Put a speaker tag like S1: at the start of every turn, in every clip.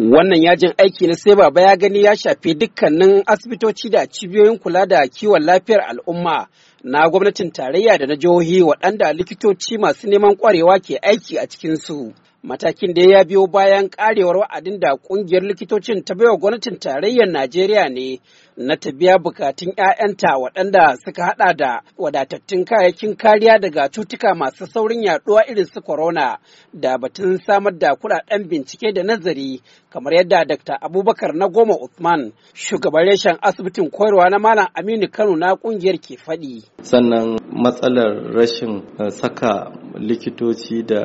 S1: Wannan yajin aiki na sai baba ya gani ya shafi dukkanin asibitoci da cibiyoyin kula da kiwon lafiyar al'umma na gwamnatin tarayya da na jihohi waɗanda likitoci masu neman kwarewa ke aiki a cikinsu. Matakin da ya biyo bayan karewar wa'adin da kungiyar likitocin ta baiwa gwamnatin tarayyar Najeriya ne na ta biya bukatun 'ya'yanta waɗanda suka hada da wadatattun kayayyakin kariya daga cutuka masu saurin yaduwa irin su corona da batun samar da kuɗaɗen bincike da nazari kamar yadda Dr. Abubakar na goma Usman shugaban reshen asibitin koyarwa na Malam Aminu Kano na kungiyar ke faɗi.
S2: Sannan matsalar rashin eh, saka likitoci da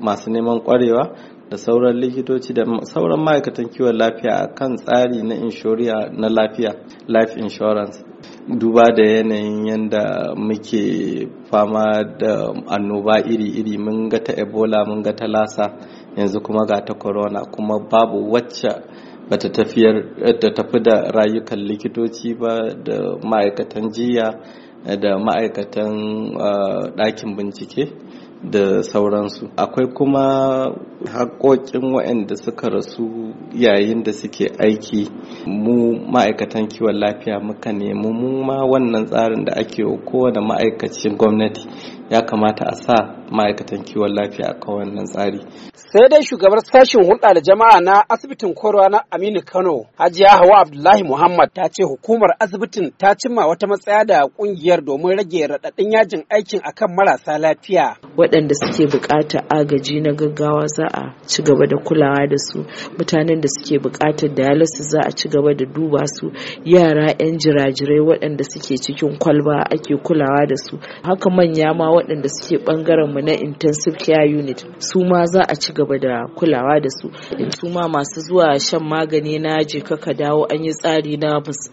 S2: masu neman kwarewa da sauran likitoci da sauran ma'aikatan kiwon lafiya a kan tsari na inshoriya na lafiya life insurance duba da yanayin yadda muke fama da annoba iri-iri mun ga ta ebola mun ga ta lasa yanzu kuma ga ta corona kuma babu wacce bata ta tafi da rayukan likitoci ba da ma'aikatan jiya da ma'aikatan ah, ɗakin bincike da sauransu akwai kuma haƙoƙin waɗanda suka rasu yayin da suke aiki mu ma'aikatan kiwon lafiya muka nemi mu ma wannan tsarin da ake kowane ma'aikacin gwamnati ya kamata a sa ma'aikatan kiwon lafiya a kan wannan tsari.
S1: Sai dai shugabar sashen hulɗa da jama'a na asibitin korowa na Aminu Kano, Hajiya Hawa Abdullahi Muhammad ta ce hukumar asibitin ta cimma wata matsaya da ƙungiyar domin rage raɗaɗin yajin aikin akan marasa lafiya.
S3: Waɗanda suke buƙatar agaji na gaggawa za a ci gaba da kulawa da su, mutanen da suke buƙatar dialysis za a ci gaba da duba su, yara 'yan jirajirai waɗanda suke cikin kwalba ake kulawa da su, haka manya ma waɗanda suke bangaren mu na intensive care unit su ma za a ci gaba da kulawa da su su ma masu zuwa shan magani na je ka dawo an yi tsari na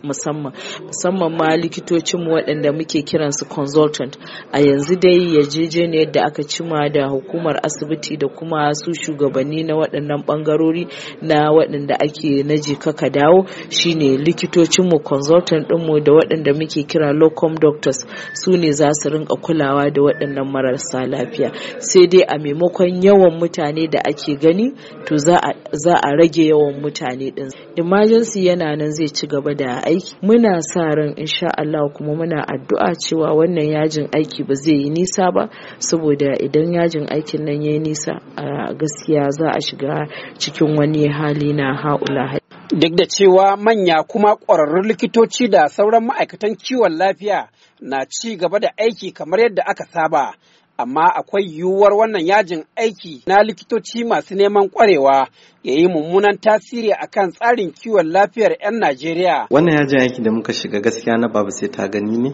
S3: musamman musamman ma likitocin mu waɗanda muke kiran su consultant a yanzu dai yarjejeniyar yadda aka cima da hukumar asibiti da kuma su shugabanni na waɗannan bangarori na waɗanda ake na je ka dawo shine likitocin mu consultant ɗinmu da waɗanda muke kira locum doctors su ne za su rinka kulawa da waɗannan marasa lafiya sai dai a maimakon yawan mutane da ake gani to za a rage yawan mutane ɗin emergency yana nan zai ci gaba da aiki muna sa ran insha Allah kuma muna addu'a cewa wannan yajin aiki ba zai yi nisa ba saboda idan yajin aikin nan ya yi nisa a gaskiya za a shiga cikin wani hali na ha'ula
S1: Duk da cewa manya kuma ƙwararrun likitoci da sauran ma'aikatan kiwon lafiya na ci gaba da aiki kamar yadda aka saba, amma akwai yiwuwar wannan yajin aiki na likitoci masu neman ƙwarewa ya yi mummunan tasiri akan tsarin kiwon lafiyar 'yan Najeriya.
S2: Wannan yajin aiki da muka shiga gaskiya na babu sai ta gani ne,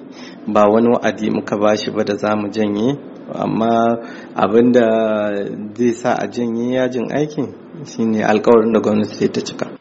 S2: ba wani wa'adi muka bashi ba da za mu janye, amma abin da zai sa a janye yajin aikin shine alkawarin da
S3: gwamnati ta cika.